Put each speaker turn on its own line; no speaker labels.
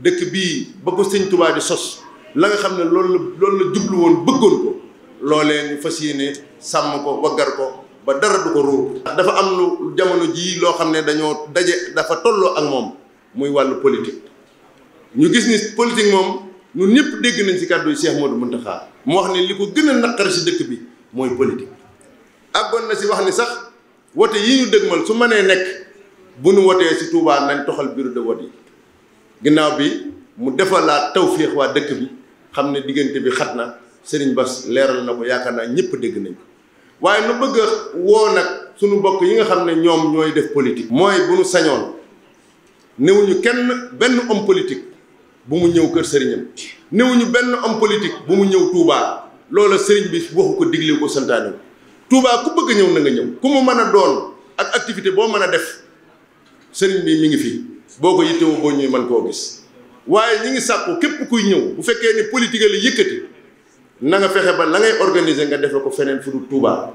dëkk bii ba ko sëñ Touba sos la nga xam ne loolu la loolu la jublu woon bëggoon ko loolee ñu fas yéene sàmm ko waggar ko ba dara du ko ruur dafa am lu jamono jii loo xam ne dañoo daje dafa tolloo ak moom muy wàll politique ñu gis ni politique moom ñun ñëpp dégg nañ ci kàddu yi Cheikh Modou Mountakha mu wax ne li ko gën a naqari si dëkk bi mooy ak àggoon na ci wax ni sax wote yi ñu dëgmal su ma nee nekk bu nu wotee ci Touba nañ toxal bureau de yi ginnaaw bi mu defalaat tawféex waa dëkk bi xam ne diggante bi xat na Serigne Bass leeral na ko yaakaar naa ñëpp dégg nañ waaye nu bëgg woo nag suñu mbokk yi nga xam ne ñoom ñooy def politique. mooy bu nu sañoon newuñu kenn benn homme politique bu mu ñëw kër sëriñam newuñu benn homme politique bu mu ñëw Touba loola sëriñ bi waxu ko digle ko santaane ko Touba ku bëgg ñëw na nga ñëw ku mu mën a doon ak activité boo mën a def sëriñ bi mi ngi fii boo ko yittewoo boo ñuy man koo gis waaye ñi ngi sàkku képp kuy ñëw bu fekkee ni politique la yëkkati na nga fexe ba la
ngay organiser nga defe ko feneen fu dul Touba.